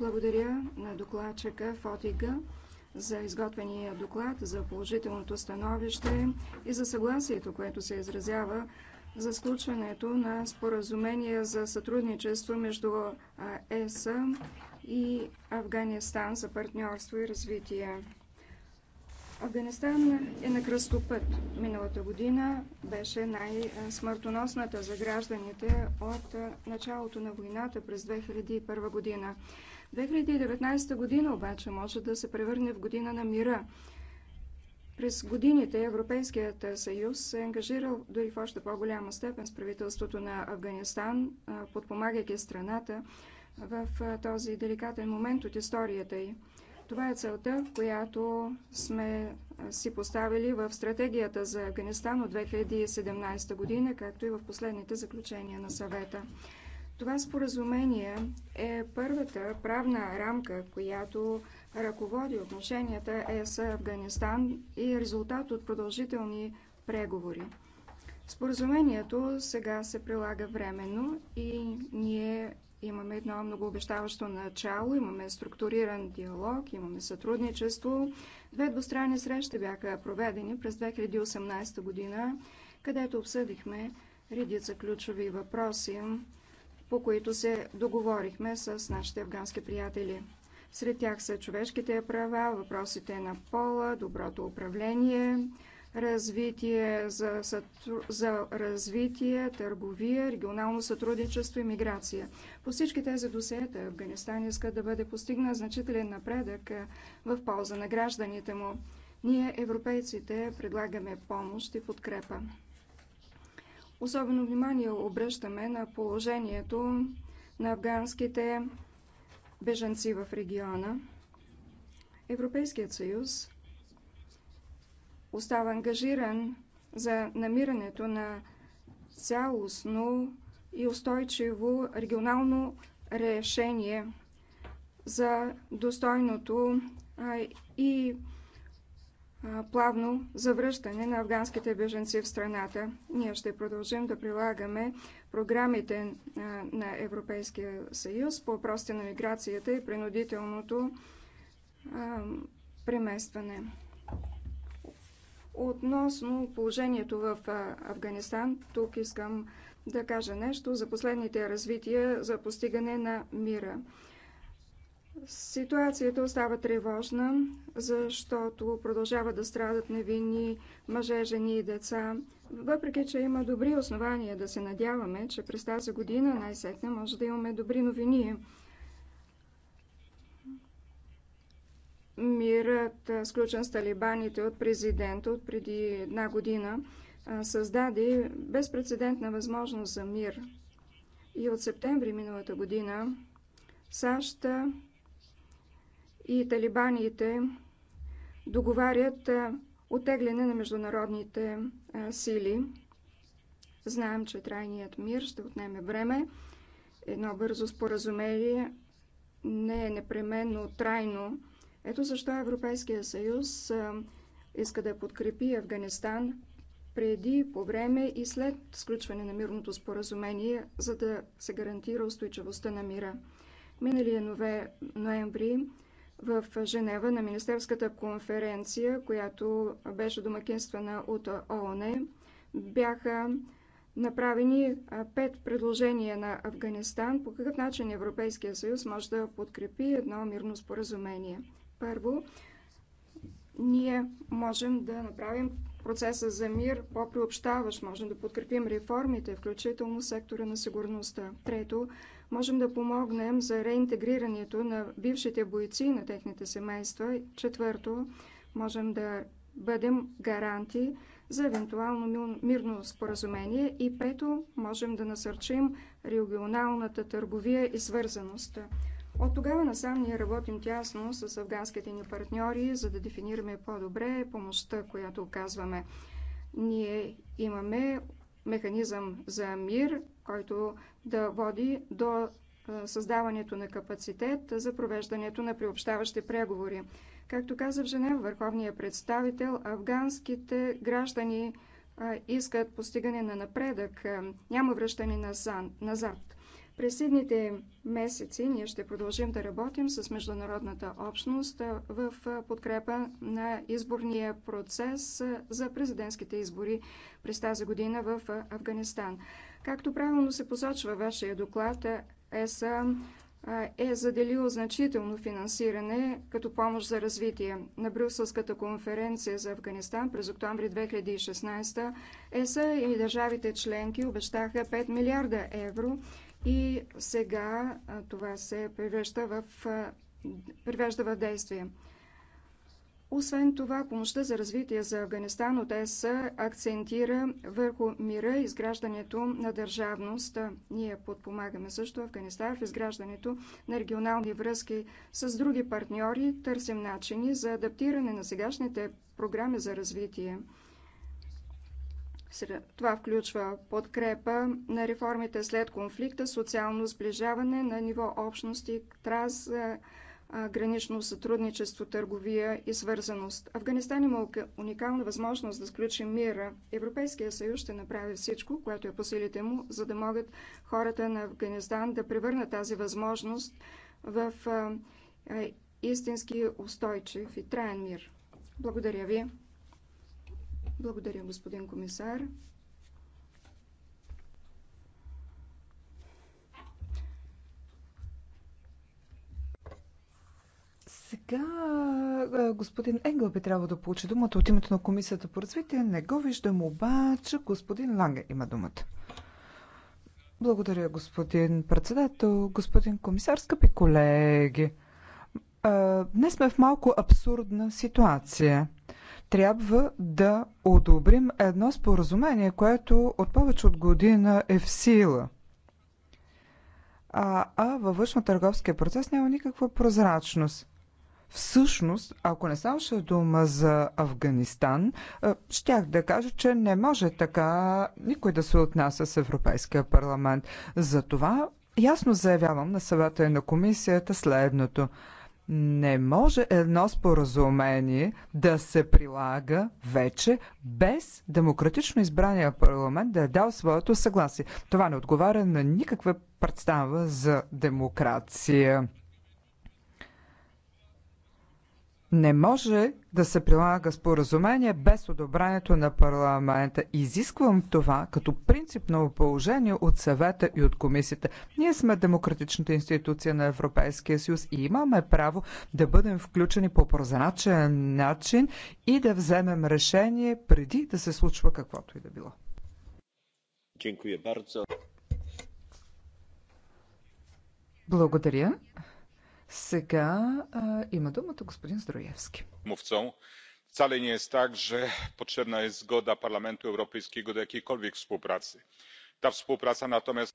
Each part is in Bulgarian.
Благодаря на докладчика Фотига за изготвения доклад, за положителното становище и за съгласието, което се изразява за сключването на споразумение за сътрудничество между ЕС и Афганистан за партньорство и развитие. Афганистан е на кръстопът. Миналата година беше най-смъртоносната за гражданите от началото на войната през 2001 година. 2019 година обаче може да се превърне в година на мира. През годините Европейският съюз се е ангажирал дори в още по-голяма степен с правителството на Афганистан, подпомагайки страната в този деликатен момент от историята й. Това е целта, която сме си поставили в стратегията за Афганистан от 2017 година, както и в последните заключения на съвета. Това споразумение е първата правна рамка, която ръководи отношенията ЕС-Афганистан и е резултат от продължителни преговори. Споразумението сега се прилага временно и ние имаме едно много обещаващо начало, имаме структуриран диалог, имаме сътрудничество. Две двустранни срещи бяха проведени през 2018 година, където обсъдихме редица ключови въпроси по които се договорихме с нашите афгански приятели. Сред тях са човешките права, въпросите на пола, доброто управление, развитие за, за развитие, търговия, регионално сътрудничество и миграция. По всички тези досиета Афганистан иска да бъде постигнат значителен напредък е, в полза на гражданите му. Ние, европейците, предлагаме помощ и подкрепа. Особено внимание обръщаме на положението на афганските беженци в региона. Европейският съюз остава ангажиран за намирането на цялостно и устойчиво регионално решение за достойното и плавно завръщане на афганските беженци в страната. Ние ще продължим да прилагаме програмите на Европейския съюз по въпросите на миграцията и принудителното преместване. Относно положението в Афганистан, тук искам да кажа нещо за последните развития за постигане на мира. Ситуацията остава тревожна, защото продължават да страдат невинни мъже, жени и деца. Въпреки, че има добри основания да се надяваме, че през тази година най-сетне може да имаме добри новини. Мирът, сключен с талибаните от президента от преди една година, създаде безпредседентна възможност за мир. И от септември миналата година САЩ и талибаните договарят отегляне на международните сили. Знаем, че трайният мир ще отнеме време. Едно бързо споразумение не е непременно трайно. Ето защо Европейския съюз иска да подкрепи Афганистан преди, по време и след сключване на мирното споразумение, за да се гарантира устойчивостта на мира. Миналия ноември в Женева на Министерската конференция, която беше домакинствана от ООН, бяха направени пет предложения на Афганистан по какъв начин Европейския съюз може да подкрепи едно мирно споразумение. Първо, ние можем да направим процеса за мир по-приобщаващ, можем да подкрепим реформите, включително сектора на сигурността. Трето, можем да помогнем за реинтегрирането на бившите бойци и на техните семейства. Четвърто, можем да бъдем гаранти за евентуално мирно споразумение. И пето, можем да насърчим регионалната търговия и свързаност. От тогава насам ние работим тясно с афганските ни партньори, за да дефинираме по-добре помощта, която оказваме. Ние имаме механизъм за мир, който да води до създаването на капацитет за провеждането на приобщаващи преговори. Както каза в Женев, върховният представител, афганските граждани искат постигане на напредък, няма връщане назад. През следните месеци ние ще продължим да работим с международната общност в подкрепа на изборния процес за президентските избори през тази година в Афганистан. Както правилно се посочва вашия доклад, ЕСА е заделил значително финансиране като помощ за развитие. На Брюсълската конференция за Афганистан през октомври 2016 ЕСА и държавите членки обещаха 5 милиарда евро и сега това се превръща в, превежда в действие. Освен това, помощта за развитие за Афганистан от ЕС акцентира върху мира и изграждането на държавност. Ние подпомагаме също Афганистан в изграждането на регионални връзки с други партньори, търсим начини за адаптиране на сегашните програми за развитие това включва подкрепа на реформите след конфликта, социално сближаване на ниво общности, транс, гранично сътрудничество, търговия и свързаност. Афганистан има уникална възможност да сключи мира. Европейския съюз ще направи всичко, което е по силите му, за да могат хората на Афганистан да превърнат тази възможност в истински устойчив и траен мир. Благодаря ви. Благодаря, господин комисар. Сега господин Енгъл би трябвало да получи думата от името на Комисията по развитие. Не го виждам обаче. Господин Ланге има думата. Благодаря, господин председател, господин комисар, скъпи колеги. Днес сме в малко абсурдна ситуация трябва да одобрим едно споразумение, което от повече от година е в сила. А, а във външно-търговския процес няма никаква прозрачност. Всъщност, ако не ставаше дума за Афганистан, щях да кажа, че не може така никой да се отнася с Европейския парламент. Затова ясно заявявам на съвета и на комисията следното – не може едно споразумение да се прилага вече без демократично избрания парламент да е дал своето съгласие. Това не отговаря на никаква представа за демокрация. Не може да се прилага споразумение без одобрението на парламента. Изисквам това като принципно положение от съвета и от комисията. Ние сме демократичната институция на Европейския съюз и имаме право да бъдем включени по прозрачен начин и да вземем решение преди да се случва каквото и да било. Благодаря. Сега а, има думата господин Здроевски. Мовцом. Wcale nie е tak, że potrzebna jest zgoda Parlamentu Europejskiego do jakiejkolwiek współpracy. Ta współpraca natomiast.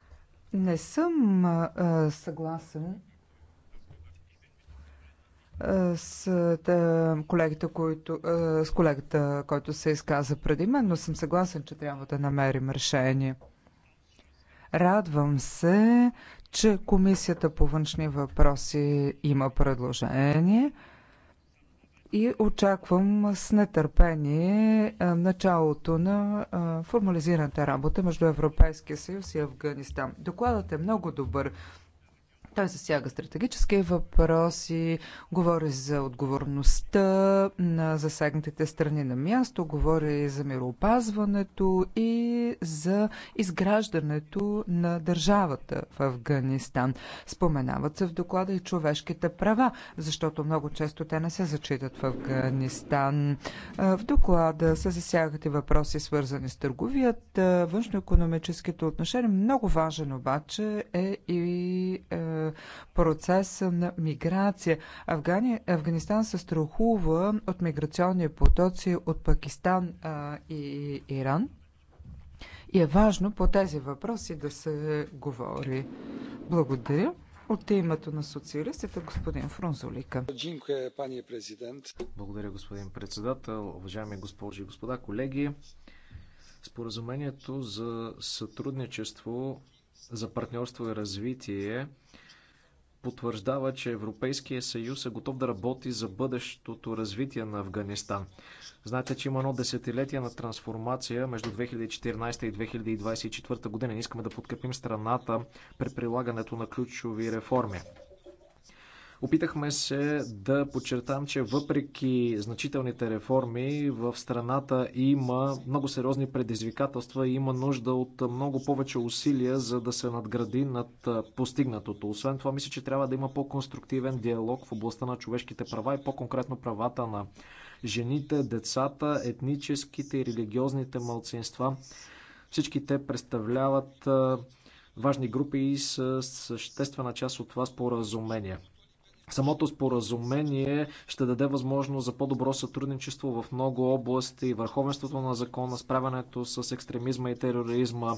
Не съм а, съгласен с да, колегите, които, с колегата, който се изказа преди мен, но съм съгласен, че трябва да намерим решение. Радвам се, че Комисията по външни въпроси има предложение и очаквам с нетърпение началото на формализираната работа между Европейския съюз и Афганистан. Докладът е много добър. Той засяга стратегически въпроси, говори за отговорността на засегнатите страни на място, говори за мироопазването и за изграждането на държавата в Афганистан. Споменават се в доклада и човешките права, защото много често те не се зачитат в Афганистан. В доклада се засягат и въпроси, свързани с търговията, външно-економическите отношения. Много важен обаче е и е, процеса на миграция. Афгани... Афганистан се страхува от миграционни потоци от Пакистан а, и Иран. И е важно по тези въпроси да се говори. Благодаря. От името на социалистите, господин Фрунзолика. Благодаря, господин председател. Уважаеми госпожи и господа, колеги, споразумението за сътрудничество за партньорство и развитие потвърждава, че Европейския съюз е готов да работи за бъдещото развитие на Афганистан. Знаете, че има едно десетилетие на трансформация между 2014 и 2024 година. Искаме да подкрепим страната при прилагането на ключови реформи. Опитахме се да подчертам, че въпреки значителните реформи в страната има много сериозни предизвикателства и има нужда от много повече усилия, за да се надгради над постигнатото. Освен това, мисля, че трябва да има по-конструктивен диалог в областта на човешките права и по-конкретно правата на жените, децата, етническите и религиозните малцинства. Всички те представляват важни групи и с съществена част от това споразумение. Самото споразумение ще даде възможност за по-добро сътрудничество в много области, върховенството на закона, справянето с екстремизма и тероризма,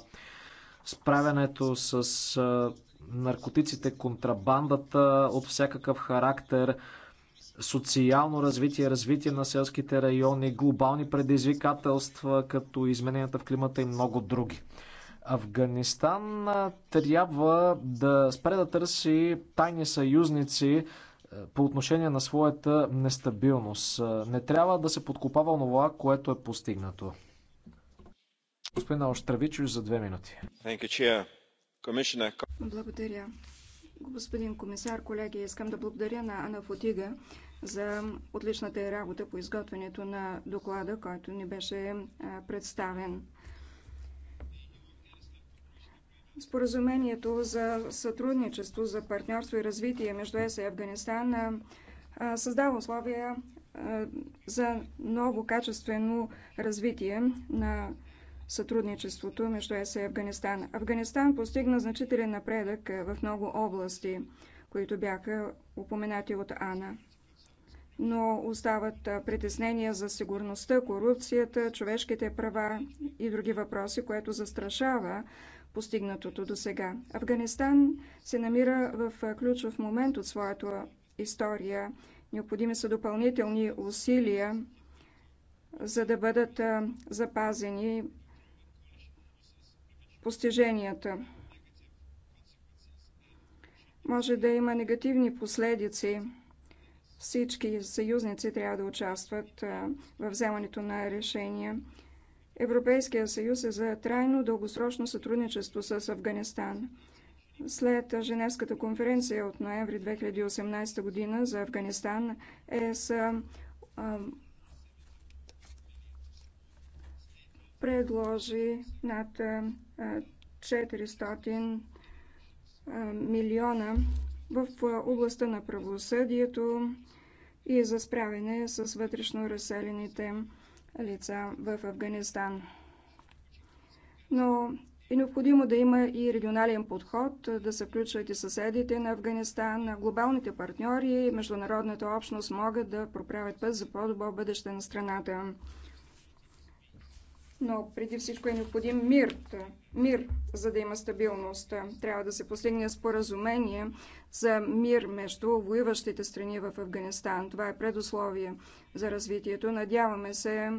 справянето с наркотиците, контрабандата от всякакъв характер, социално развитие, развитие на селските райони, глобални предизвикателства, като измененията в климата и много други. Афганистан трябва да спре да търси тайни съюзници е, по отношение на своята нестабилност. Е, не трябва да се подкопава онова, което е постигнато. Господин Алштравичо, за две минути. Благодаря. Господин комисар, колеги, искам да благодаря на Ана Фотига за отличната работа по изготвянето на доклада, който ни беше представен. Споразумението за сътрудничество, за партньорство и развитие между ЕС и Афганистан създава условия за ново качествено развитие на сътрудничеството между ЕС и Афганистан. Афганистан постигна значителен напредък в много области, които бяха упоменати от Ана. Но остават притеснения за сигурността, корупцията, човешките права и други въпроси, което застрашава постигнатото до сега. Афганистан се намира в ключов момент от своята история. Необходими са допълнителни усилия, за да бъдат запазени постиженията. Може да има негативни последици. Всички съюзници трябва да участват в вземането на решения. Европейския съюз е за трайно дългосрочно сътрудничество с Афганистан. След Женевската конференция от ноември 2018 година за Афганистан е с предложи над 400 милиона в областта на правосъдието и за справяне с вътрешно разселените лица в Афганистан. Но е необходимо да има и регионален подход, да се включват и съседите на Афганистан, глобалните партньори и международната общност могат да проправят път за по-добро бъдеще на страната но преди всичко е необходим мир, мир, за да има стабилност. Трябва да се постигне споразумение за мир между воюващите страни в Афганистан. Това е предусловие за развитието. Надяваме се,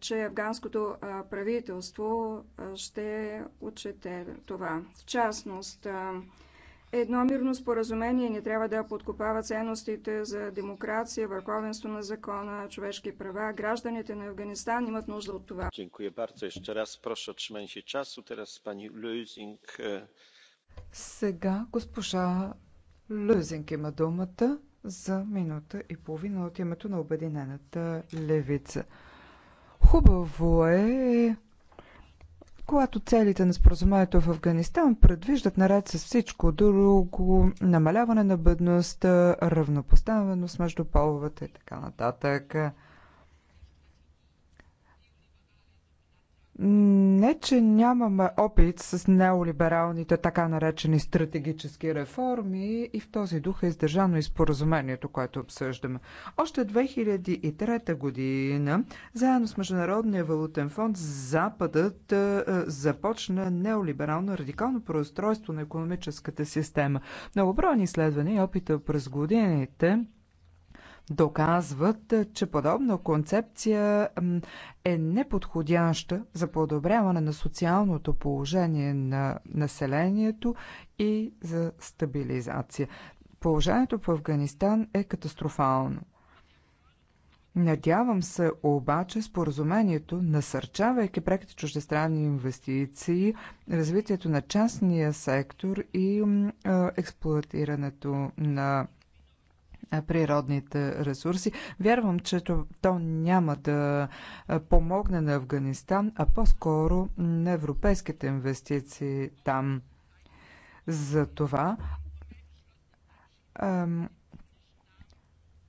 че афганското правителство ще отчете това. В частност, Едно мирно споразумение не трябва да подкопава ценностите за демокрация, върховенство на закона, човешки права. Гражданите на Афганистан имат нужда от това. E, Сега госпожа Люзинг има думата за минута и половина от името на Обединената левица. Хубаво е когато целите на споразумението в Афганистан предвиждат наред с всичко друго, намаляване на бедността, равнопоставеност между половете и така нататък. Не, че нямаме опит с неолибералните така наречени стратегически реформи и в този дух е издържано и споразумението, което обсъждаме. Още 2003 година, заедно с Международния валутен фонд, Западът е, започна неолиберално радикално преустройство на економическата система. Многобройни изследвания и опита през годините – доказват, че подобна концепция е неподходяща за подобряване на социалното положение на населението и за стабилизация. Положението в Афганистан е катастрофално. Надявам се обаче споразумението, насърчавайки преките чуждестранни инвестиции, развитието на частния сектор и експлуатирането на природните ресурси. Вярвам, че то, то няма да помогне на Афганистан, а по-скоро на европейските инвестиции там. За това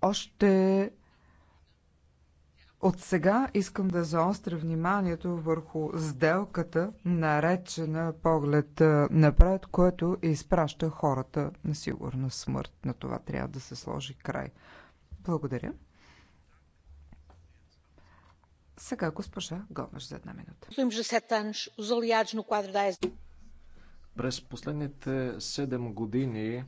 още от сега искам да заостря вниманието върху сделката, наречена поглед напред, което изпраща хората на сигурна смърт. На това трябва да се сложи край. Благодаря. Сега госпожа Гомеш за една минута. Е- През последните 7 години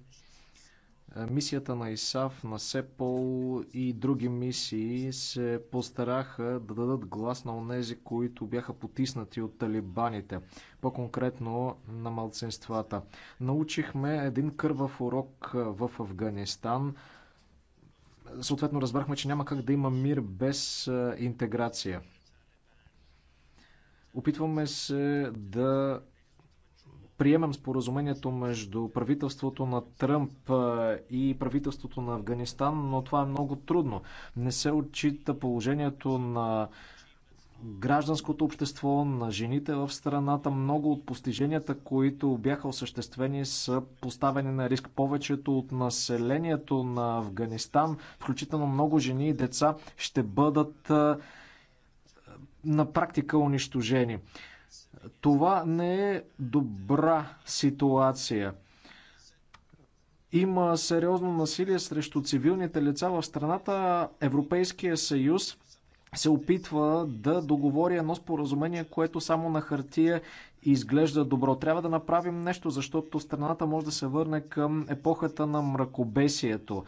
е, мисията на ИСАФ, на СЕПОЛ и други мисии се постараха да дадат глас на онези, които бяха потиснати от талибаните, по-конкретно на малцинствата. Научихме един кървав урок е, в Афганистан. Съответно разбрахме, че няма как да има мир без е, интеграция. Опитваме се да приемем споразумението между правителството на Тръмп и правителството на Афганистан, но това е много трудно. Не се отчита положението на гражданското общество, на жените в страната. Много от постиженията, които бяха осъществени, са поставени на риск. Повечето от населението на Афганистан, включително много жени и деца, ще бъдат на практика унищожени. Това не е добра ситуация. Има сериозно насилие срещу цивилните лица в страната. Европейския съюз се опитва да договори едно споразумение, което само на хартия изглежда добро. Трябва да направим нещо, защото страната може да се върне към епохата на мракобесието.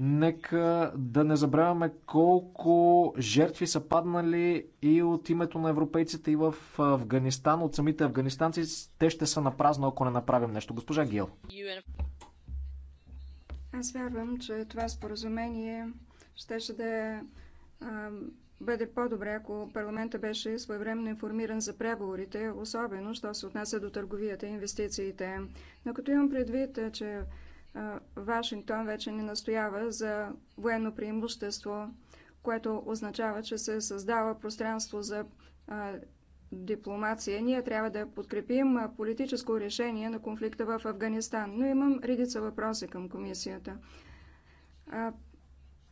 Нека да не забравяме колко жертви са паднали и от името на европейците и в Афганистан, от самите афганистанци. Те ще са на празно, ако не направим нещо. Госпожа Гил. Аз вярвам, че това споразумение щеше да а, бъде по-добре, ако парламента беше своевременно информиран за преговорите, особено, що се отнася до търговията и инвестициите. Но като имам предвид, че Вашингтон вече не настоява за военно преимущество, което означава, че се създава пространство за дипломация. Ние трябва да подкрепим политическо решение на конфликта в Афганистан, но имам редица въпроси към комисията.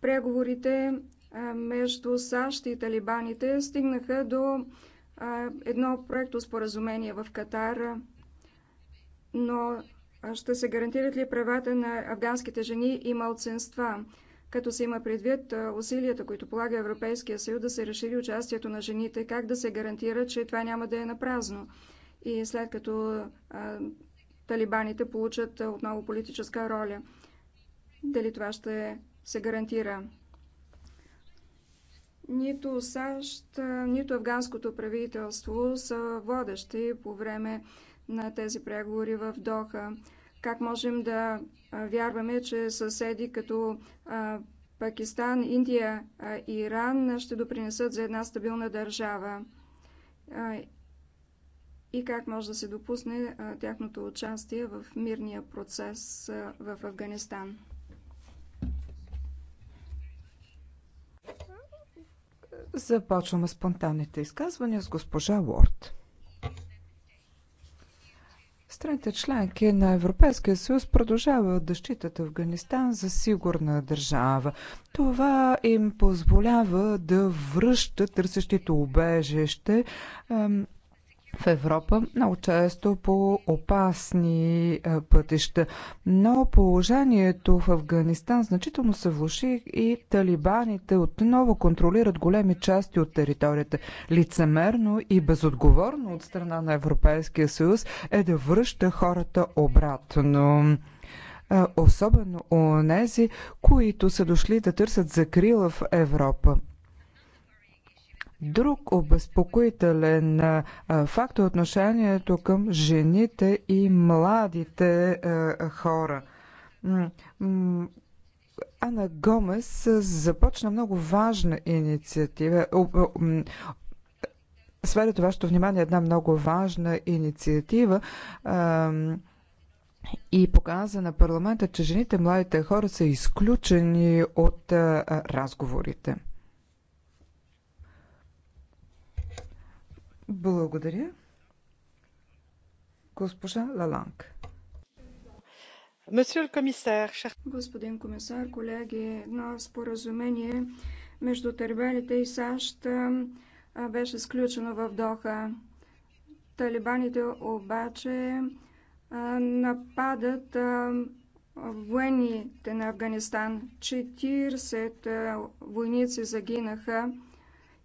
Преговорите между САЩ и талибаните стигнаха до едно проекто споразумение в Катар, но ще се гарантират ли правата на афганските жени и малцинства, като се има предвид усилията, които полага Европейския съюз да се разшири участието на жените, как да се гарантира, че това няма да е напразно. И след като а, талибаните получат отново политическа роля, дали това ще се гарантира? Нито САЩ, нито афганското правителство са водещи по време на тези преговори в Доха. Как можем да вярваме, че съседи като Пакистан, Индия и Иран ще допринесат за една стабилна държава? И как може да се допусне тяхното участие в мирния процес в Афганистан? Започваме спонтанните изказвания с госпожа Уорд. Страните членки на Европейския съюз продължават да считат Афганистан за сигурна държава. Това им позволява да връщат търсещите убежище в Европа, много често по опасни е, пътища. Но положението в Афганистан значително се влуши и талибаните отново контролират големи части от територията. Лицемерно и безотговорно от страна на Европейския съюз е да връща хората обратно е, особено у нези, които са дошли да търсят закрила в Европа. Друг обезпокоителен факт е отношението към жените и младите хора. Ана Гомес започна много важна инициатива. Сверят вашето внимание една много важна инициатива и показа на парламента, че жените, младите хора са изключени от разговорите. Благодаря. Госпожа Лаланг. Господин комисар, колеги, едно споразумение между Талибаните и САЩ беше сключено в Доха. Талибаните обаче нападат военните на Афганистан. 40 войници загинаха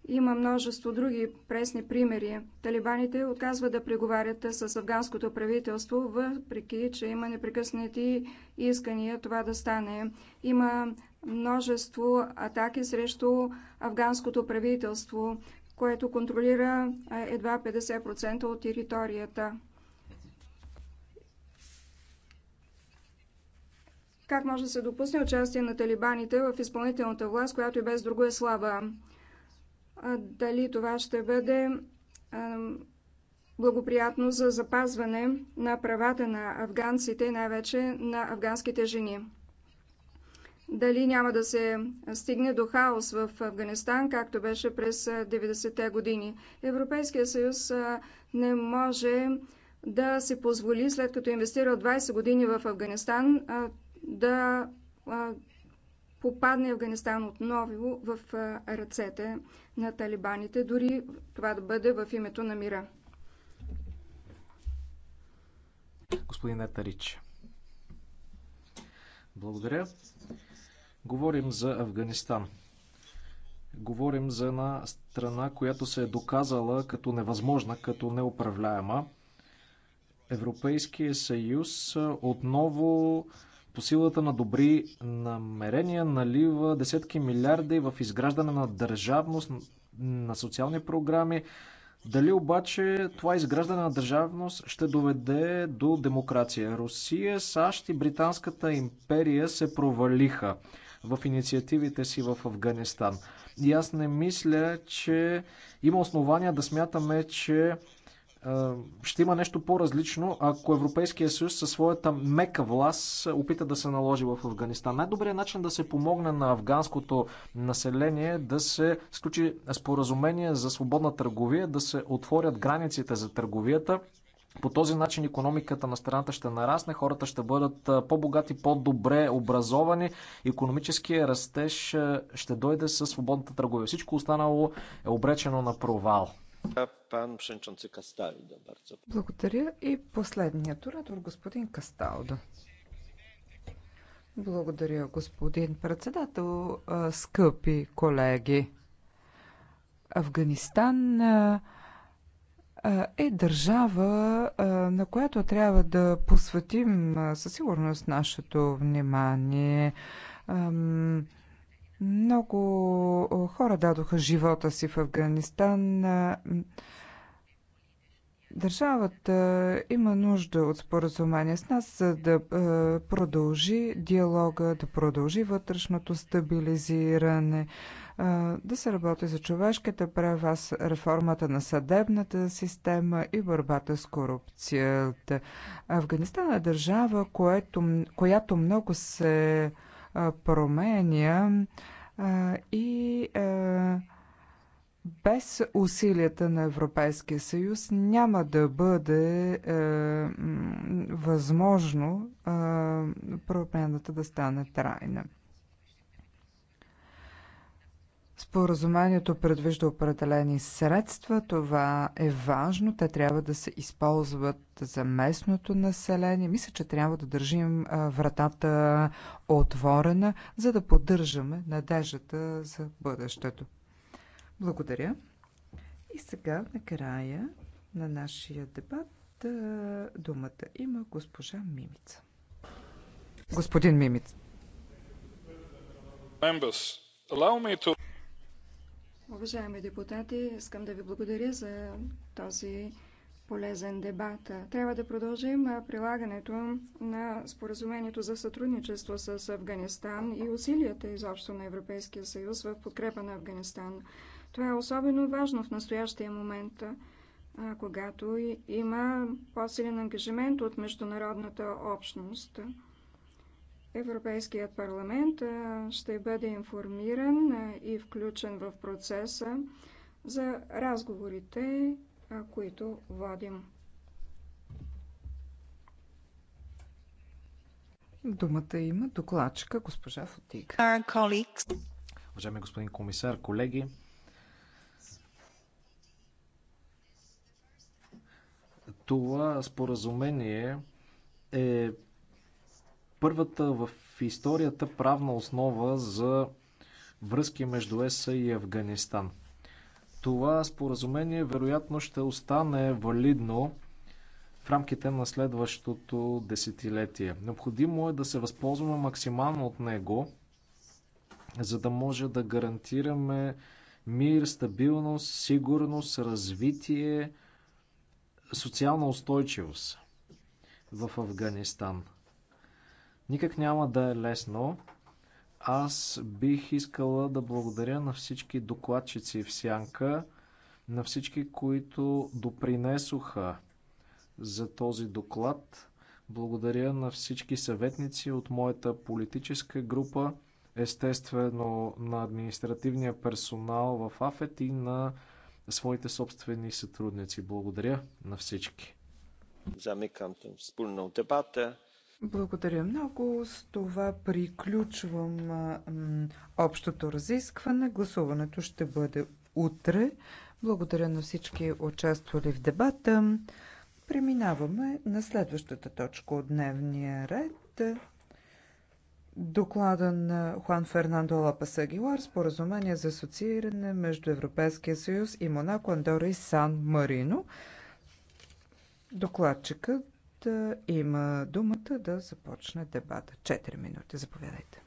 има множество други пресни примери. Талибаните отказват да преговарят с афганското правителство, въпреки че има непрекъснати искания това да стане. Има множество атаки срещу афганското правителство, което контролира едва 50% от територията. Как може да се допусне участие на талибаните в изпълнителната власт, която и без друго е слаба? дали това ще бъде благоприятно за запазване на правата на афганците най-вече на афганските жени. Дали няма да се стигне до хаос в Афганистан, както беше през 90-те години. Европейския съюз не може да се позволи, след като е инвестира 20 години в Афганистан, да попадне Афганистан отново в ръцете на талибаните, дори това да бъде в името на мира. Господин Етарич, благодаря. Говорим за Афганистан. Говорим за една страна, която се е доказала като невъзможна, като неуправляема. Европейския съюз отново по силата на добри намерения налива десетки милиарди в изграждане на държавност, на социални програми. Дали обаче това изграждане на държавност ще доведе до демокрация? Русия, САЩ и Британската империя се провалиха в инициативите си в Афганистан. И аз не мисля, че има основания да смятаме, че е, ще има нещо по-различно, ако Европейския съюз със своята мека власт опита да се наложи в Афганистан. Най-добрият начин да се помогне на афганското население е да се сключи споразумение за свободна търговия, да се отворят границите за търговията. По този начин економиката на страната ще нарасне, хората ще бъдат е, по-богати, по-добре образовани, економическия растеж ще дойде със свободната търговия. Всичко останало е обречено на провал. Благодаря. И последният оратор, господин Касталдо. Благодаря, господин председател. Скъпи колеги, Афганистан е държава, на която трябва да посветим със сигурност нашето внимание. Много хора дадоха живота си в Афганистан. Държавата има нужда от споразумение с нас, за да продължи диалога, да продължи вътрешното стабилизиране, да се работи за човешките права, с реформата на съдебната система и борбата с корупцията. Афганистан е държава, което, която много се променя и без усилията на Европейския съюз няма да бъде възможно е, промяната да стане трайна. Споразумението предвижда определени средства. Това е важно. Те трябва да се използват за местното население. Мисля, че трябва да държим вратата отворена, за да поддържаме надеждата за бъдещето. Благодаря. И сега, накрая на нашия дебат, думата има госпожа Мимица. Господин Мимица. Уважаеми депутати, искам да ви благодаря за този полезен дебат. Трябва да продължим прилагането на споразумението за сътрудничество с Афганистан и усилията изобщо на Европейския съюз в подкрепа на Афганистан. Това е особено важно в настоящия момент, когато има по-силен ангажимент от международната общност – Европейският парламент ще бъде информиран и включен в процеса за разговорите, които водим. Думата има докладчика госпожа Фотик. Уважаеми господин комисар, колеги, това споразумение е първата в историята правна основа за връзки между ЕСА и Афганистан. Това споразумение вероятно ще остане валидно в рамките на следващото десетилетие. Необходимо е да се възползваме максимално от него, за да може да гарантираме мир, стабилност, сигурност, развитие, социална устойчивост в Афганистан. Никак няма да е лесно. Аз бих искала да благодаря на всички докладчици в Сянка, на всички, които допринесоха за този доклад. Благодаря на всички съветници от моята политическа група, естествено на административния персонал в АФЕТ и на своите собствени сътрудници. Благодаря на всички. Замикам wspólną дебата. Благодаря много. С това приключвам общото разискване. Гласуването ще бъде утре. Благодаря на всички участвали в дебата. Преминаваме на следващата точка от дневния ред. Доклада на Хуан Фернандо Лапас Агилар споразумение за асоцииране между Европейския съюз и Монако, Андора и Сан Марино. Докладчикът има думата да започне дебата. Четири минути. Заповядайте.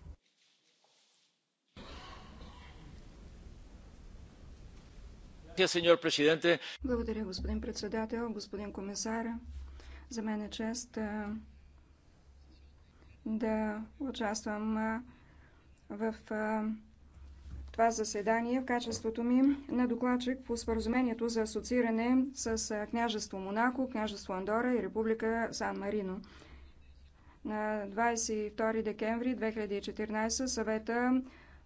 Благодаря, господин председател, господин комисар. За мен е чест да участвам в това заседание в качеството ми на докладчик по споразумението за асоцииране с княжество Монако, княжество Андора и Република Сан Марино. На 22 декември 2014 съвета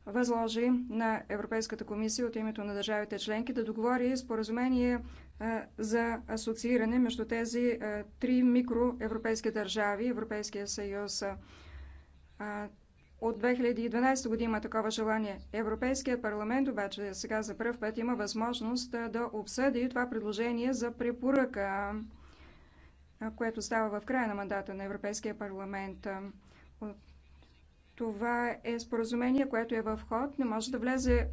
възложи на Европейската комисия от името на държавите членки да договори споразумение за асоцииране между тези три микроевропейски държави Европейския съюз. От 2012 година има такова желание. Европейският парламент обаче сега за първ път има възможност да обсъди това предложение за препоръка, което става в края на мандата на Европейския парламент. Това е споразумение, което е в ход, не може да влезе,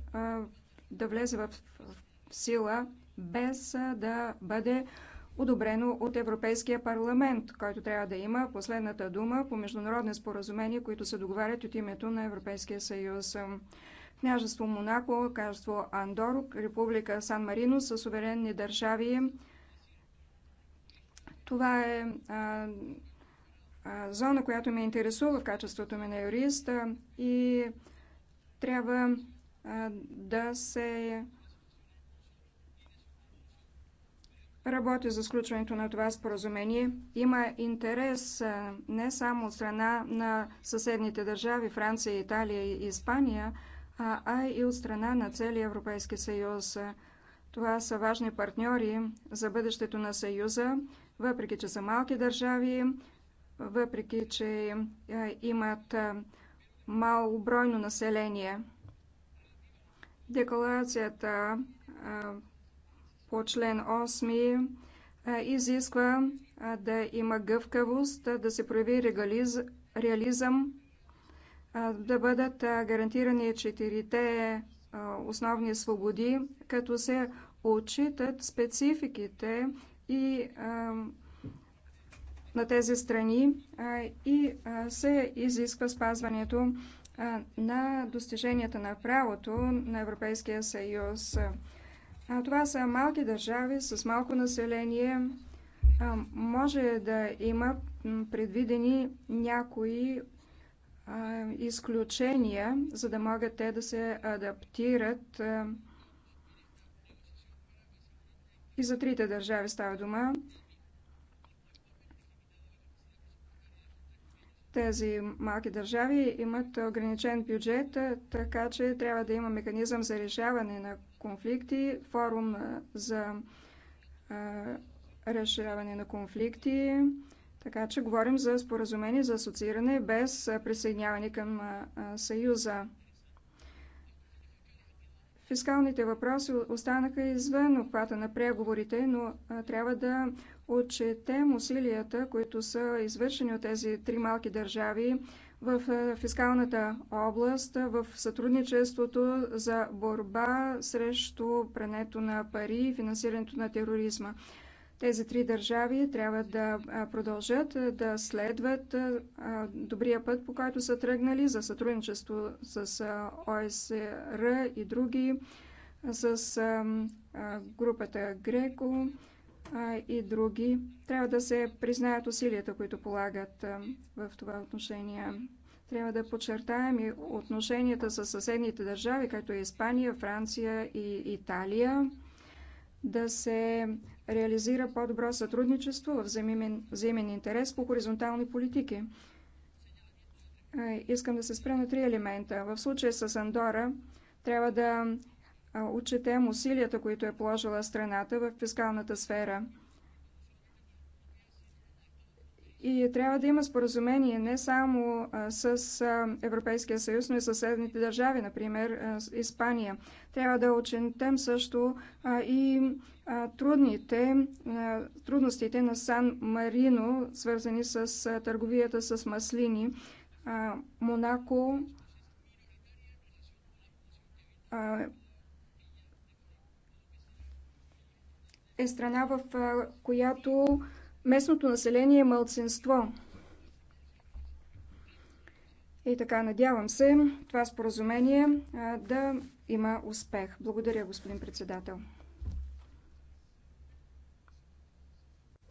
да влезе в сила без да бъде одобрено от Европейския парламент, който трябва да има последната дума по международни споразумения, които се договарят от името на Европейския съюз. Княжество Монако, Княжество Андор, Република Сан Марино са суверенни държави. Това е а, а, зона, която ме интересува в качеството ми на юрист и трябва а, да се работи за сключването на това споразумение. Има интерес не само от страна на съседните държави Франция, Италия и Испания, а и от страна на целия Европейски съюз. Това са важни партньори за бъдещето на Съюза, въпреки че са малки държави, въпреки че имат малобройно население. Декларацията по член 8 изисква да има гъвкавост, да се прояви реализъм, да бъдат гарантирани четирите основни свободи, като се отчитат спецификите и на тези страни и се изисква спазването на достиженията на правото на Европейския съюз. А това са малки държави с малко население. А, може да има предвидени някои а, изключения, за да могат те да се адаптират. А, и за трите държави става дума. Тези малки държави имат ограничен бюджет, така че трябва да има механизъм за решаване на конфликти, форум за разширяване на конфликти. Така че говорим за споразумение за асоцииране без присъединяване към Съюза. Фискалните въпроси останаха извън обхвата на преговорите, но трябва да отчетем усилията, които са извършени от тези три малки държави в фискалната област, в сътрудничеството за борба срещу прането на пари и финансирането на тероризма. Тези три държави трябва да продължат да следват добрия път, по който са тръгнали за сътрудничество с ОСР и други, с групата Греко и други. Трябва да се признаят усилията, които полагат в това отношение. Трябва да подчертаем и отношенията с съседните държави, като Испания, Франция и Италия, да се реализира по-добро сътрудничество в взаимен, взаимен интерес по хоризонтални политики. Искам да се спра на три елемента. В случая с Андора трябва да отчетем усилията, които е положила страната в фискалната сфера – и трябва да има споразумение не само с Европейския съюз, но и с съседните държави, например Испания. Трябва да очентем също и трудните, трудностите на Сан Марино, свързани с търговията с маслини. Монако е страна, в която Местното население е мълцинство. И така, надявам се това споразумение да има успех. Благодаря, господин председател.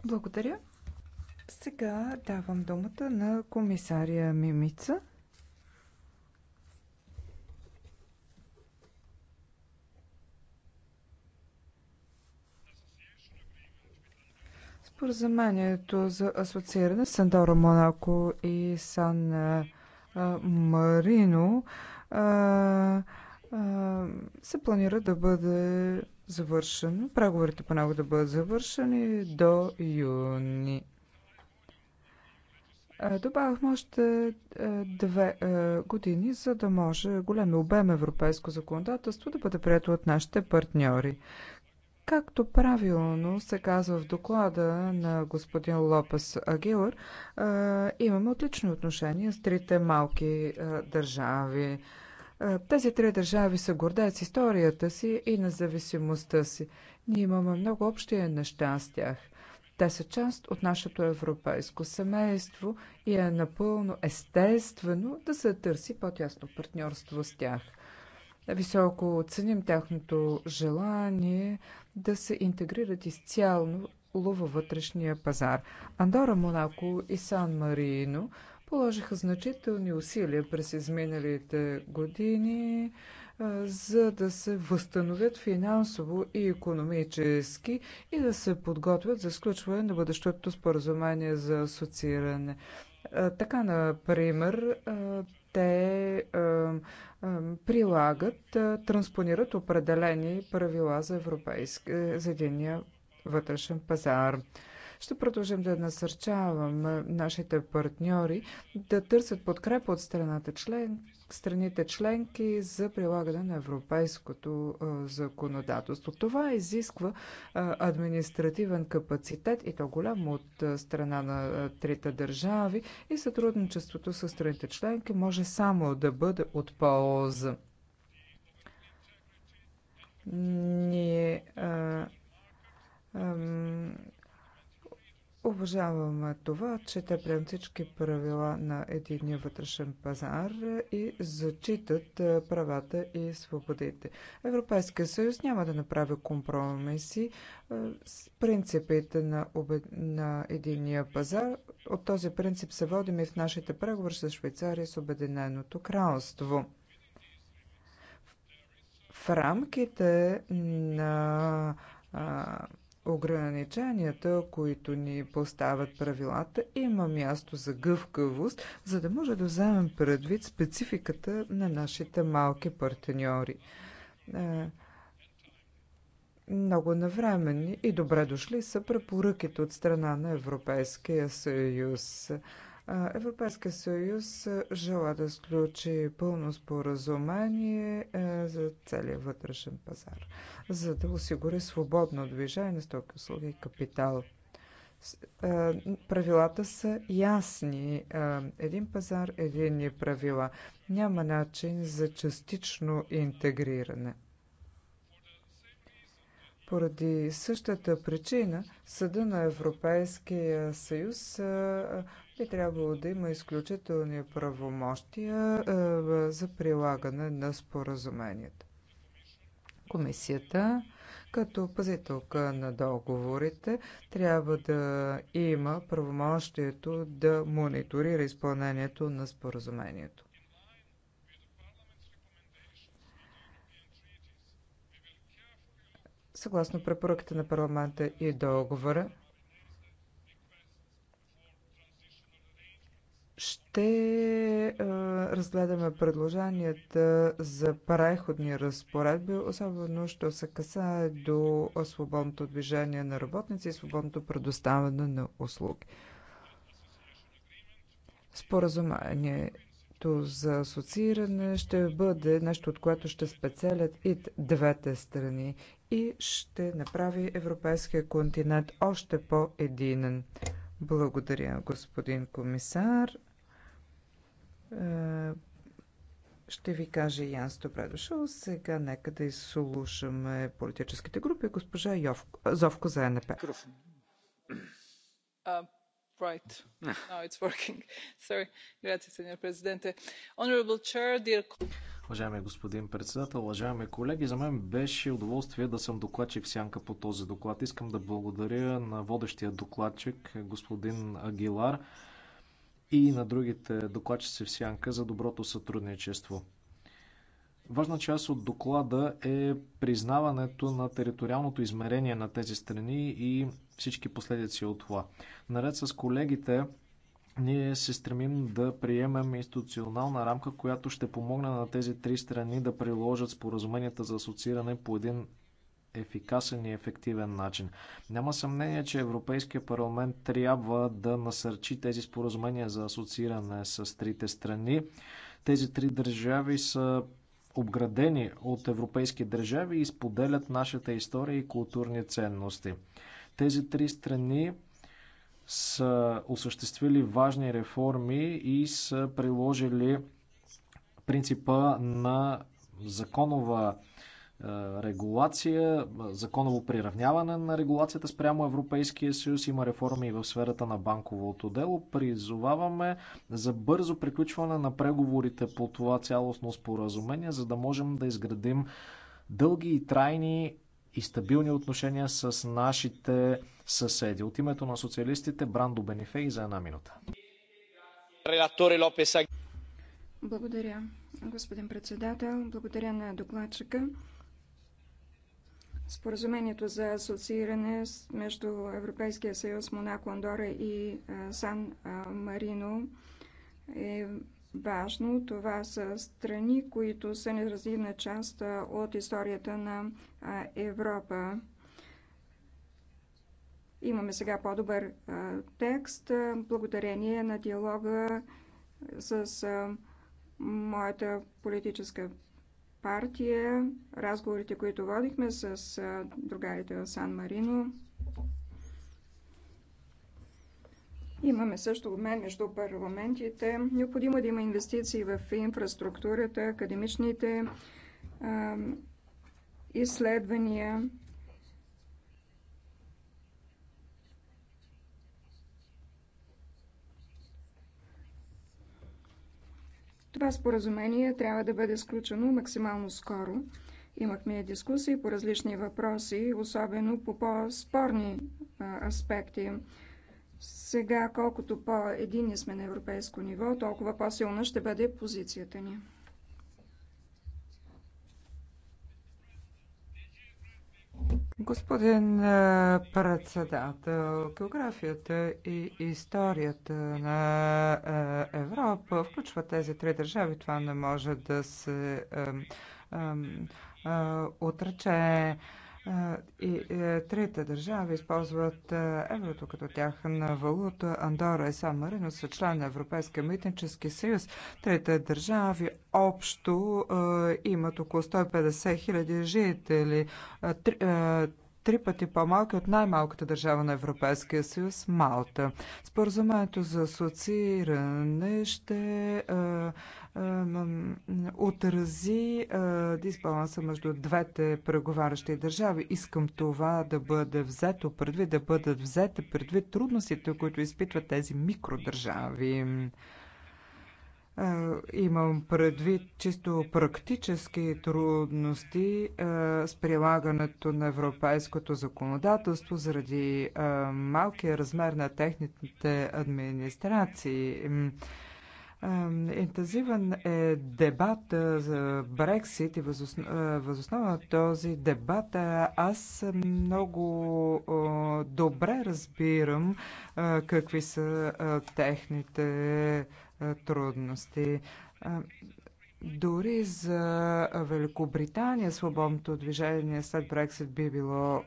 Благодаря. Сега давам думата на комисария Мимица. Споразумението за асоцииране с Андора, Монако и Сан Марино се планира да бъде завършено, преговорите по него да бъдат завършени до юни. Добавихме още две години, за да може големи обем европейско законодателство да бъде прието от нашите партньори. Както правилно се казва в доклада на господин Лопес Агилър, е, имаме отлични отношения с трите малки е, държави. Е, тези три държави се гордеят с историята си и независимостта си. Ние имаме много общия неща с тях. Те са част от нашето европейско семейство и е напълно естествено да се търси по-тясно партньорство с тях – Високо оценим тяхното желание да се интегрират изцяло във вътрешния пазар. Андора, Монако и Сан Марино положиха значителни усилия през изминалите години за да се възстановят финансово и економически и да се подготвят за сключване на бъдещото споразумение за асоцииране. Така, например, те е, е, прилагат, е, транспонират определени правила за, е, за единия вътрешен пазар. Ще продължим да насърчаваме нашите партньори да търсят подкрепа от страната член, страните членки за прилагане на европейското е, законодателство. Това изисква е, административен капацитет и то голям от е, страна на трите държави и сътрудничеството с страните членки може само да бъде от полза. Ние а, а, Уважаваме това, че те приемат всички правила на единния вътрешен пазар и зачитат правата и свободите. Европейския съюз няма да направи компромиси с принципите на, обед... на единния пазар. От този принцип се водим и в нашите преговори с Швейцария и с Обединеното кралство. В рамките на ограниченията, които ни поставят правилата, има място за гъвкавост, за да може да вземем предвид спецификата на нашите малки партньори. Е, много навременни и добре дошли са препоръките от страна на Европейския съюз. Европейския съюз жела да сключи пълно споразумение за целия вътрешен пазар, за да осигури свободно движение на стоки, услуги и капитал. Правилата са ясни. Един пазар, единни правила. Няма начин за частично интегриране. Поради същата причина Съда на Европейския съюз би трябвало да има изключителни правомощия за прилагане на споразумението. Комисията като пазителка на договорите трябва да има правомощието да мониторира изпълнението на споразумението. съгласно препоръките на парламента и договора, ще а, разгледаме предложенията за преходни разпоредби, особено що се касае до свободното движение на работници и свободното предоставяне на услуги. Споразумението за асоцииране ще бъде нещо, от което ще спечелят и двете страни и ще направи европейския континент още по-единен. Благодаря, господин комисар. Е, ще ви и аз добре дошъл. Сега нека да изслушаме политическите групи. Госпожа Йовко, Зовко за е НП. Уважаеми господин председател, уважаеми колеги, за мен беше удоволствие да съм докладчик в сянка по този доклад. Искам да благодаря на водещия докладчик, господин Агилар, и на другите докладчици в сянка за доброто сътрудничество. Важна част от доклада е признаването на териториалното измерение на тези страни и всички последици от това. Наред с колегите, ние се стремим да приемем институционална рамка, която ще помогне на тези три страни да приложат споразуменията за асоцииране по един ефикасен и ефективен начин. Няма съмнение, че Европейския парламент трябва да насърчи тези споразумения за асоцииране с трите страни. Тези три държави са обградени от европейски държави и споделят нашата история и културни ценности. Тези три страни са осъществили важни реформи и са приложили принципа на законова е, регулация, законово приравняване на регулацията спрямо Европейския съюз. Има реформи и в сферата на банковото дело. Призоваваме за бързо приключване на преговорите по това цялостно споразумение, за да можем да изградим дълги и трайни и стабилни отношения с нашите съседи. От името на социалистите Брандо Бенифей, за една минута. Благодаря, господин председател. Благодаря на докладчика. Споразумението за асоцииране между Европейския съюз, Монако, Андора и Сан Марино е важно. Това са страни, които са неразривна част от историята на Европа. Имаме сега по-добър текст, благодарение на диалога с моята политическа партия, разговорите, които водихме с другарите в Сан Марино. Имаме също обмен между парламентите. Необходимо е да има инвестиции в инфраструктурата, академичните изследвания, Това споразумение трябва да бъде сключено максимално скоро. Имахме дискусии по различни въпроси, особено по по-спорни аспекти. Сега, колкото по-едини сме на европейско ниво, толкова по-силна ще бъде позицията ни. Господин председател, географията и историята на Европа включва тези три държави. Това не може да се отрече. И е, трите държави използват еврото като тяхна валута. Андора и Сан Марино са член на Европейския митнически съюз. Трите държави общо имат около 150 хиляди жители три пъти по-малки от най-малката държава на Европейския съюз – Малта. Споразумението за асоцииране ще а, а, отрази а, дисбаланса между двете преговарящи държави. Искам това да бъде взето предвид, да бъдат взете предвид трудностите, които изпитват тези микродържави. Имам предвид чисто практически трудности с прилагането на европейското законодателство заради малкия размер на техните администрации. Интензивен е дебат за Брексит и възоснова на този дебат аз много добре разбирам какви са техните е, трудности. Е, дори за Великобритания свободното движение след Брексит би било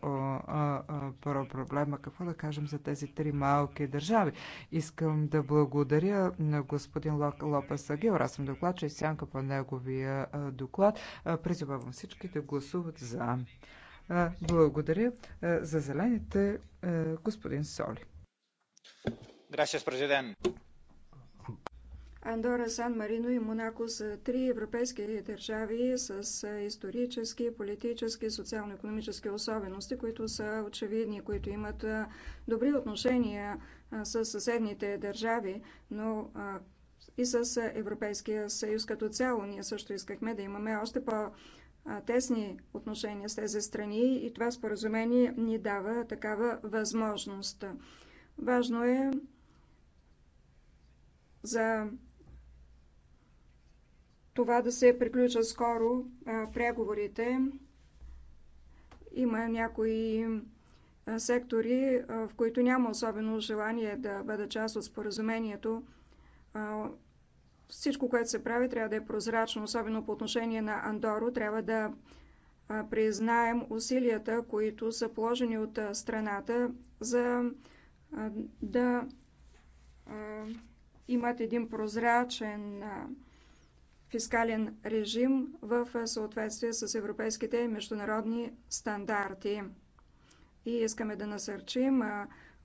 първо е, проблема. Какво да кажем за тези три малки държави? Искам да благодаря на господин Лопес Агил. Аз съм доклад, че сянка по неговия доклад. Призовавам всички да гласуват за. Благодаря. За зелените господин Соли. Gracias, президент. Андора, Сан Марино и Монако са три европейски държави с исторически, политически, социално-економически особености, които са очевидни, които имат добри отношения с съседните държави, но и с Европейския съюз като цяло. Ние също искахме да имаме още по- тесни отношения с тези страни и това споразумение ни дава такава възможност. Важно е за това да се приключат скоро преговорите. Има някои сектори, в които няма особено желание да бъда част от споразумението. Всичко, което се прави, трябва да е прозрачно, особено по отношение на Андоро. Трябва да признаем усилията, които са положени от страната, за да имат един прозрачен фискален режим в съответствие с европейските и международни стандарти. И искаме да насърчим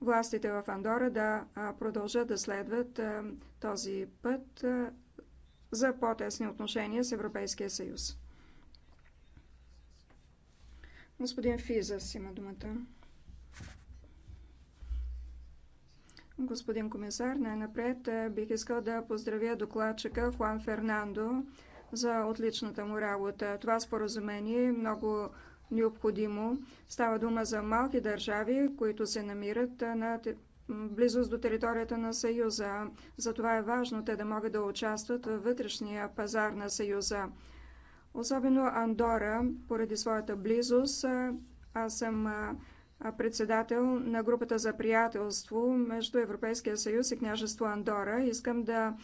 властите в Андора да продължат да следват този път за по-тесни отношения с Европейския съюз. Господин Физас има думата. Господин комисар, най-напред е, бих искал да поздравя докладчика Хуан Фернандо за отличната му работа. Това споразумение е много необходимо. Става дума за малки държави, които се намират е, на близост до територията на Съюза. Затова е важно те да могат да участват във вътрешния пазар на Съюза. Особено Андора, поради своята близост, е, аз съм председател на групата за приятелство между Европейския съюз и княжество Андора. Искам да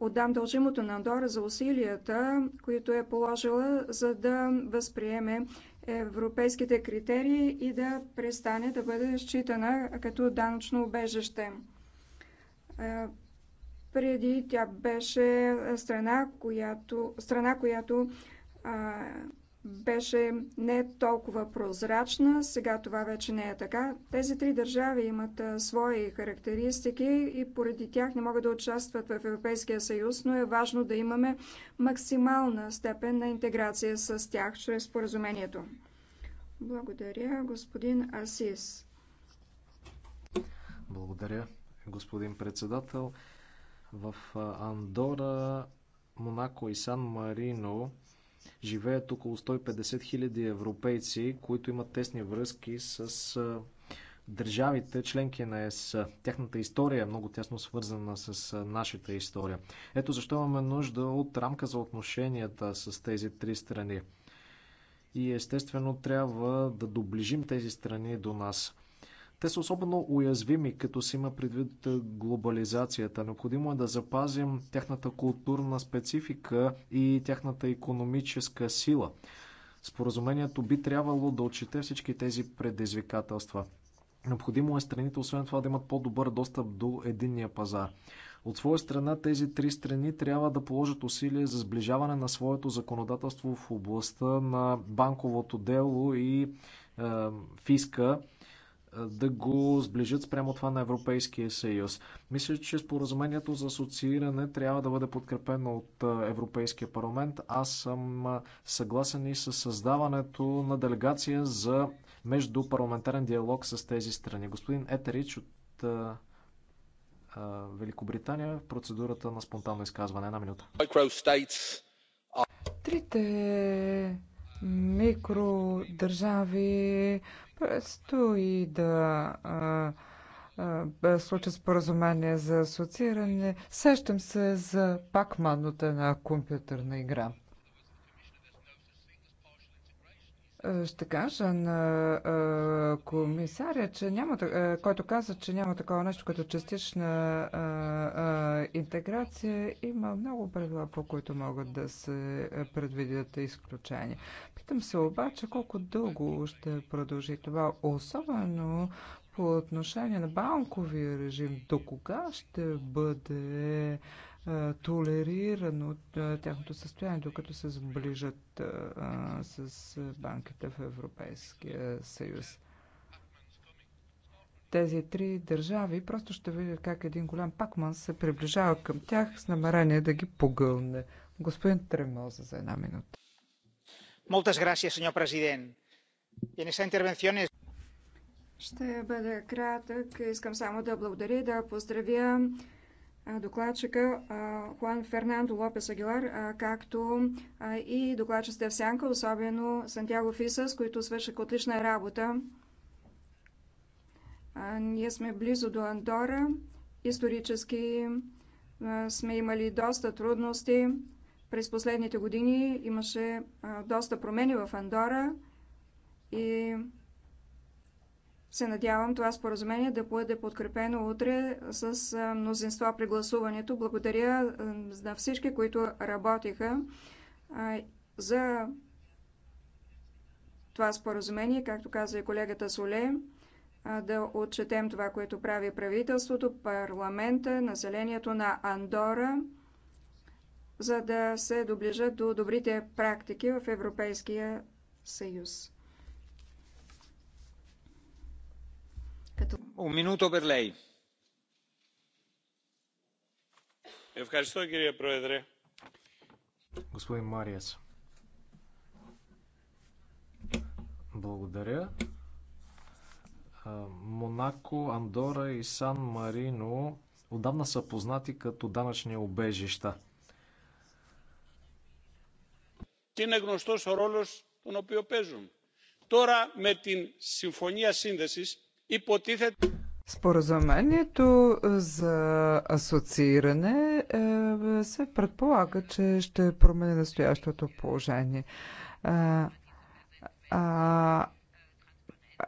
отдам дължимото на Андора за усилията, които е положила, за да възприеме европейските критерии и да престане да бъде считана като данъчно убежище. Е, преди тя беше страна, която, страна, която беше не толкова прозрачна. Сега това вече не е така. Тези три държави имат свои характеристики и поради тях не могат да участват в Европейския съюз, но е важно да имаме максимална степен на интеграция с тях чрез споразумението. Благодаря, господин Асис. Благодаря, господин председател. В Андора, Монако и Сан Марино живеят около 150 хиляди европейци, които имат тесни връзки с държавите членки на ЕС. Тяхната история е много тясно свързана с нашата история. Ето защо имаме нужда от рамка за отношенията с тези три страни. И естествено трябва да доближим тези страни до нас. Те са особено уязвими, като се има предвид глобализацията. Необходимо е да запазим тяхната културна специфика и тяхната економическа сила. Споразумението би трябвало да отчете всички тези предизвикателства. Необходимо е страните, освен това, да имат по-добър достъп до единния пазар. От своя страна, тези три страни трябва да положат усилия за сближаване на своето законодателство в областта на банковото дело и е, фиска да го сближат спрямо това на Европейския съюз. Мисля, че споразумението за асоцииране трябва да бъде подкрепено от Европейския парламент. Аз съм съгласен и с създаването на делегация за междупарламентарен диалог с тези страни. Господин Етерич от Великобритания в процедурата на спонтанно изказване. Една минута. Трите микродържави предстои да случат споразумение за асоцииране. Сещам се за пакманота на компютърна игра. Ще кажа на комисаря, че няма, който каза, че няма такова нещо като частична интеграция. Има много правила, по които могат да се предвидят изключения. Питам се обаче колко дълго ще продължи това, особено по отношение на банковия режим. До кога ще бъде толерирано тяхното състояние, докато се сближат с банката в Европейския съюз. Тези три държави просто ще видят как един голям пакман се приближава към тях с намерение да ги погълне. Господин Тремоза за една минута. Moltes gracias, señor president. En esta intervención es... Ще бъда кратък. Искам само да благодаря и да поздравя докладчика Хуан Фернандо Лопес Агилар, както и докладчиците в Сянка, особено Сантьяго Фисас, които свършиха отлична работа. Ние сме близо до Андора. Исторически сме имали доста трудности. През последните години имаше доста промени в Андора и се надявам това споразумение да бъде подкрепено утре с мнозинство при гласуването. Благодаря на всички, които работиха за това споразумение, както каза и колегата Соле, да отчетем това, което прави правителството, парламента, населението на Андора, за да се доближат до добрите практики в Европейския съюз. като... Ευχαριστώ, κυρία Господин Мариас. Благодаря. Монако, Андора и Сан Марино отдавна са познати като данъчни обежища. Και είναι γνωστός ο ρόλος τον οποίο παίζουν. Τώρα με την Συμφωνία σύνδεση. Споразумението за асоцииране е, се предполага, че ще промени настоящото положение. А, е, а,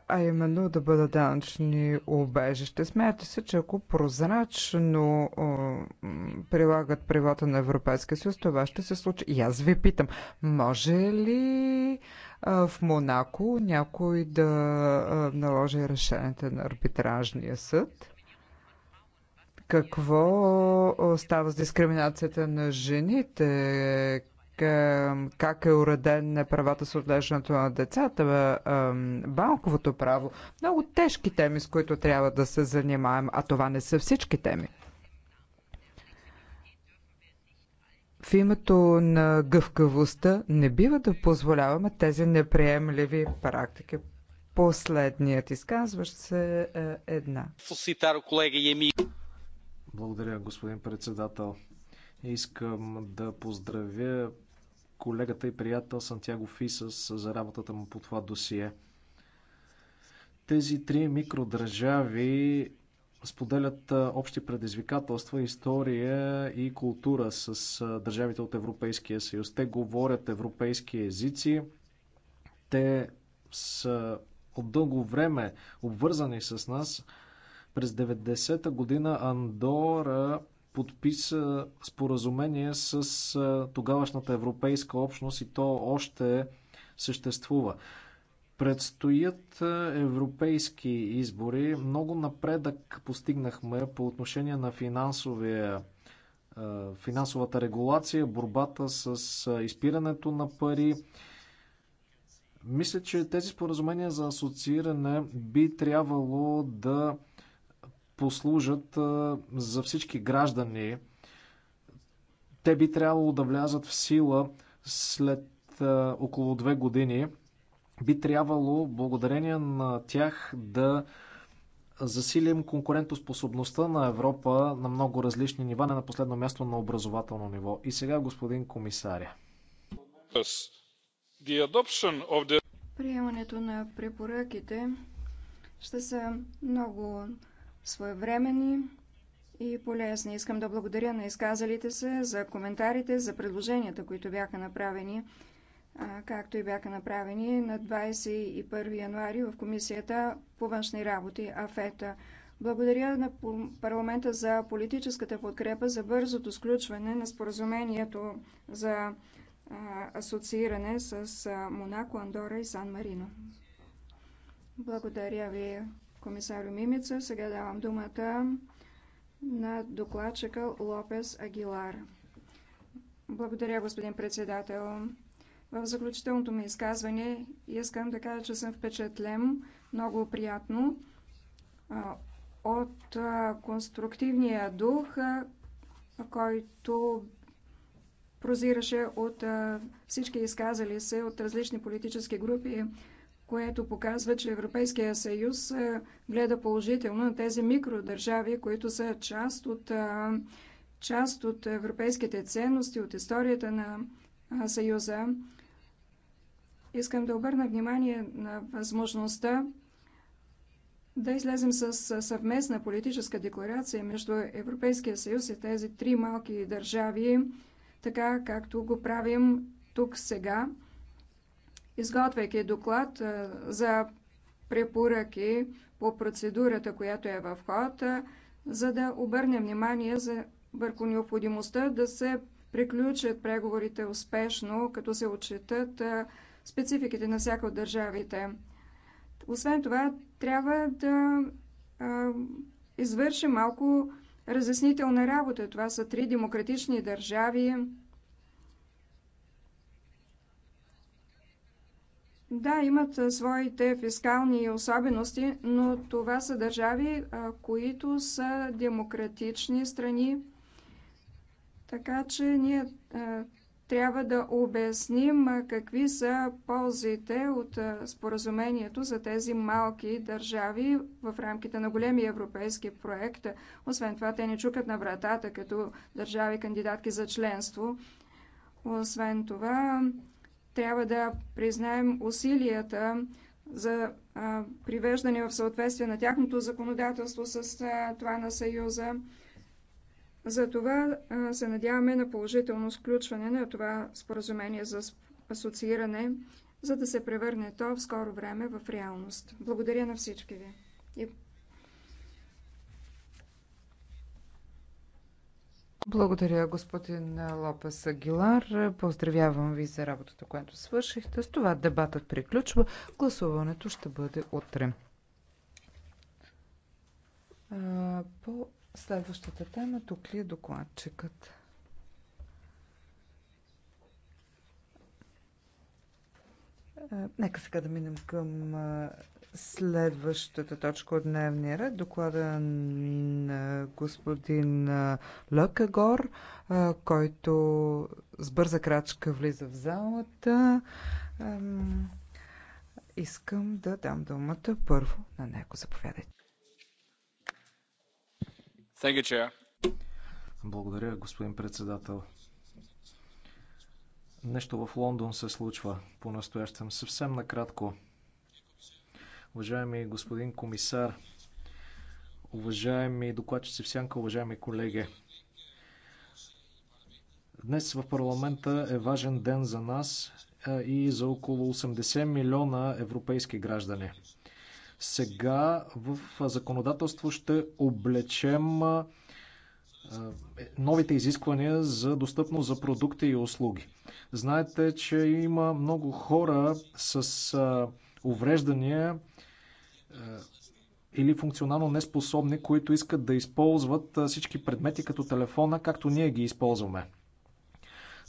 а именно да бъдат данъчни обежище, смятате се, че ако прозрачно е, прилагат правилата на Европейския съюз, това ще се случи. И аз ви питам, може ли в Монако някой да наложи решенията на арбитражния съд. Какво става с дискриминацията на жените? как е уреден на правата с отглеждането на децата, банковото право. Много тежки теми, с които трябва да се занимаем, а това не са всички теми. в името на гъвкавостта не бива да позволяваме тези неприемливи практики. Последният изказващ се е една. Е Благодаря, господин председател. Искам да поздравя колегата и приятел Сантьяго Фисас за работата му по това досие. Тези три микродържави споделят общи предизвикателства, история и култура с държавите от Европейския съюз. Те говорят европейски езици, те са от дълго време обвързани с нас. През 90-та година Андора подписа споразумение с тогавашната европейска общност и то още съществува. Предстоят е, европейски избори. Много напредък постигнахме по отношение на финансовия е, финансовата регулация, борбата с е, изпирането на пари. Мисля, че тези споразумения за асоцииране би трябвало да послужат за всички граждани. Те би трябвало да влязат в сила след около две години би трябвало благодарение на тях да засилим конкурентоспособността на Европа на много различни нива, не на последно място на образователно ниво. И сега господин комисаря. Приемането на препоръките ще са много своевременни и полезни. Искам да благодаря на изказалите се за коментарите, за предложенията, които бяха направени както и бяха направени на 21 януари в Комисията по външни работи АФЕТА. Благодаря на парламента за политическата подкрепа за бързото сключване на споразумението за асоцииране с Монако, Андора и Сан Марино. Благодаря ви, комисарю Мимица. Сега давам думата на докладчика Лопес Агилар. Благодаря, господин председател. В заключителното ми изказване искам да кажа, че съм впечатлен много приятно от конструктивния дух, който прозираше от всички изказали се от различни политически групи, което показва, че Европейския съюз гледа положително на тези микродържави, които са част от, част от европейските ценности, от историята на Съюза. Искам да обърна внимание на възможността да излезем с съвместна политическа декларация между Европейския съюз и тези три малки държави, така както го правим тук сега, изготвяйки доклад за препоръки по процедурата, която е в ход, за да обърнем внимание за върху необходимостта да се приключат преговорите успешно, като се отчитат спецификите на всяка от държавите. Освен това, трябва да а, извърши малко разяснителна работа. Това са три демократични държави. Да, имат своите фискални особености, но това са държави, които са демократични страни. Така че ние трябва да обясним какви са ползите от споразумението за тези малки държави в рамките на големия европейски проект. Освен това, те не чукат на вратата като държави кандидатки за членство. Освен това, трябва да признаем усилията за привеждане в съответствие на тяхното законодателство с това на Съюза. За това се надяваме на положително сключване на това споразумение за асоцииране, за да се превърне то в скоро време в реалност. Благодаря на всички ви. Благодаря, господин Лопес Агилар. Поздравявам ви за работата, която свършихте. С това дебатът приключва. Гласуването ще бъде утре. По Следващата тема тук ли е докладчикът? Е, нека сега да минем към е, следващата точка от дневния ред. Доклада на господин е, Лъкагор, който с бърза крачка влиза в залата. Искам да дам думата първо на него. Заповядайте. You, Благодаря, господин председател. Нещо в Лондон се случва по-настоящем. Съвсем накратко. Уважаеми господин комисар, уважаеми докладчици в сянка, уважаеми колеги. Днес в парламента е важен ден за нас и за около 80 милиона европейски граждани. Сега в законодателство ще облечем е, новите изисквания за достъпност за продукти и услуги. Знаете, че има много хора с увреждания или функционално неспособни, които искат да използват всички предмети като телефона, както ние ги използваме.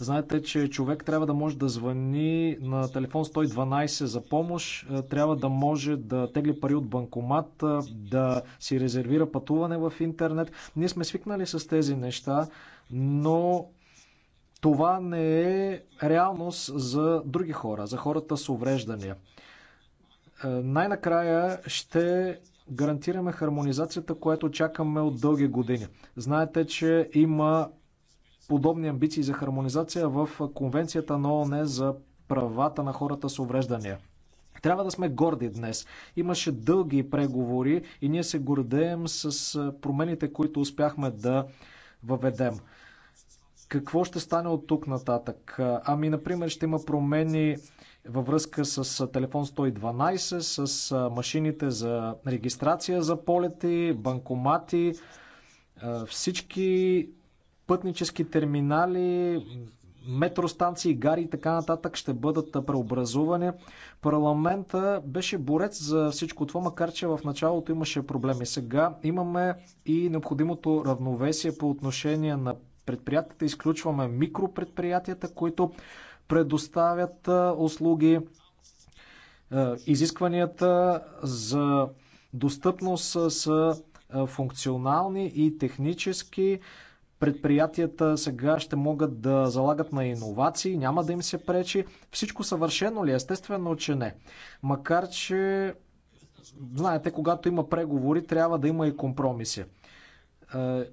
Знаете, че човек трябва да може да звъни на телефон 112 за помощ, е, трябва да може да тегли пари от банкомат, да си резервира пътуване в интернет. Ние сме свикнали с тези неща, но това не е реалност за други хора, за хората с увреждания. Е, най-накрая ще гарантираме хармонизацията, която чакаме от дълги години. Знаете, че има подобни амбиции за хармонизация в Конвенцията на ООН за правата на хората с увреждания. Трябва да сме горди днес. Имаше дълги преговори и ние се гордеем с промените, които успяхме да въведем. Какво ще стане от тук нататък? Ами, например, ще има промени във връзка с телефон 112, с машините за регистрация за полети, банкомати, всички пътнически терминали, метростанции, гари и така нататък ще бъдат преобразувани. Парламента беше борец за всичко това, макар че в началото имаше проблеми. Сега имаме и необходимото равновесие по отношение на предприятията. Изключваме микропредприятията, които предоставят услуги, изискванията за достъпност са функционални и технически предприятията сега ще могат да залагат на иновации, няма да им се пречи. Всичко съвършено ли? Е? Естествено, че не. Макар, че знаете, когато има преговори, трябва да има и компромиси. Е,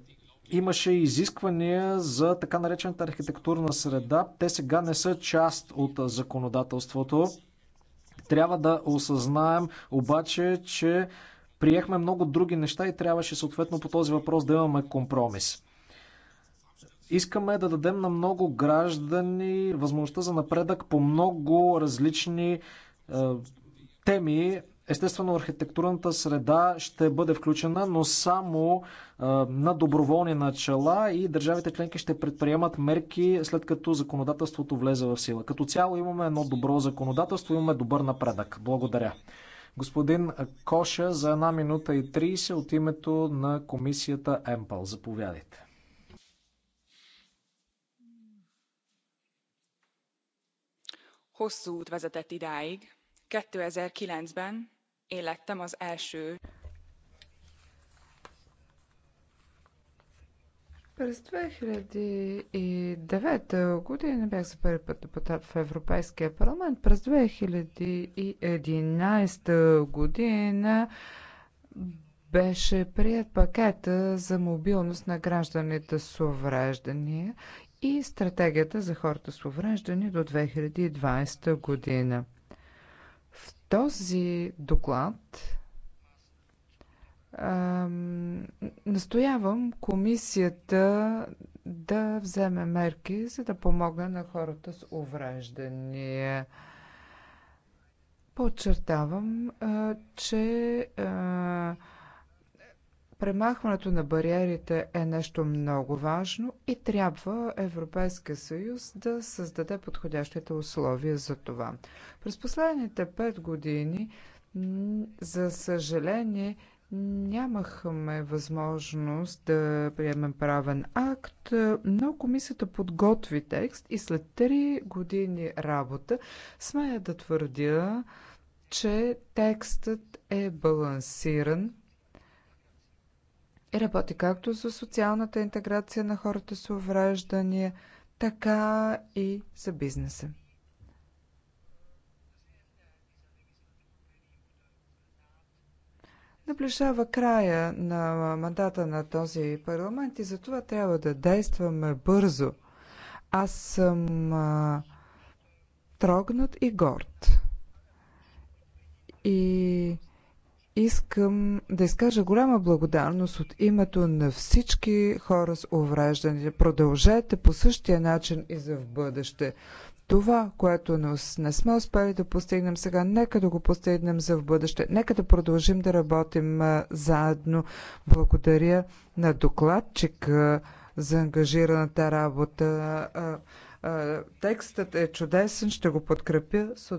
имаше изисквания за така наречената архитектурна среда. Те сега не са част от законодателството. Трябва да осъзнаем обаче, че приехме много други неща и трябваше съответно по този въпрос да имаме компромис. Искаме да дадем на много граждани възможността за напредък по много различни е, теми. Естествено, архитектурната среда ще бъде включена, но само е, на доброволни начала и държавите членки ще предприемат мерки след като законодателството влезе в сила. Като цяло имаме едно добро законодателство, имаме добър напредък. Благодаря. Господин Коша за една минута и 30 от името на комисията ЕМПАЛ. Заповядайте. hosszú út vezetett idáig. two thousand and nine ben én lettem az első. През 2009 година бях за първи път депутат в Европейския парламент. През 2011 година беше прият пакета за мобилност на гражданите с увреждания и стратегията за хората с увреждане до 2020 година. В този доклад настоявам комисията да вземе мерки, за да помогне на хората с увреждания. Подчертавам, че Премахването на бариерите е нещо много важно и трябва Европейския съюз да създаде подходящите условия за това. През последните пет години, за съжаление, нямахме възможност да приемем правен акт, но комисията подготви текст и след 3 години работа смея да твърдя, че текстът е балансиран Работи както за социалната интеграция на хората с увреждания, така и за бизнеса. Наближава края на мандата на този парламент и затова трябва да действаме бързо. Аз съм а, трогнат и горд. И искам да изкажа голяма благодарност от името на всички хора с увреждания. Продължете по същия начин и за в бъдеще. Това, което не сме успели да постигнем сега, нека да го постигнем за в бъдеще. Нека да продължим да работим заедно. Благодаря на докладчика за ангажираната работа. Текстът е чудесен, ще го подкрепя с удоволствие.